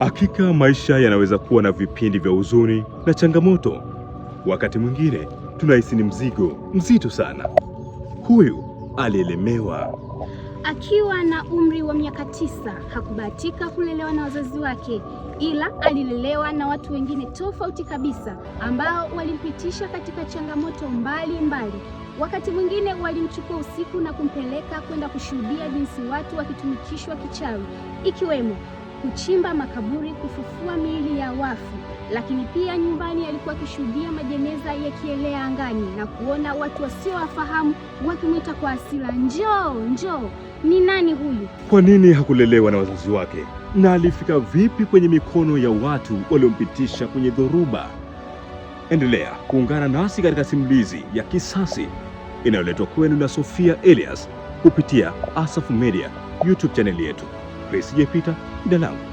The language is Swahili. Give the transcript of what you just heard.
Hakika maisha yanaweza kuwa na vipindi vya huzuni na changamoto. Wakati mwingine tunahisi ni mzigo mzito sana. Huyu alielemewa akiwa na umri wa miaka tisa. Hakubahatika kulelewa na wazazi wake, ila alilelewa na watu wengine tofauti kabisa, ambao walimpitisha katika changamoto mbalimbali mbali. Wakati mwingine walimchukua usiku na kumpeleka kwenda kushuhudia jinsi watu wakitumikishwa kichawi, ikiwemo kuchimba makaburi, kufufua miili ya wafu. Lakini pia nyumbani alikuwa akishuhudia majeneza yakielea angani na kuona watu wasiowafahamu wakimwita kwa asila, njoo njoo. Ni nani huyu? Kwa nini hakulelewa na wazazi wake? Na alifika vipi kwenye mikono ya watu waliompitisha kwenye dhoruba? Endelea kuungana nasi katika simulizi ya Kisasi inayoletwa kwenu na Sofia Elias kupitia Asafu Media YouTube chaneli yetu. Grace, je, pita jina langu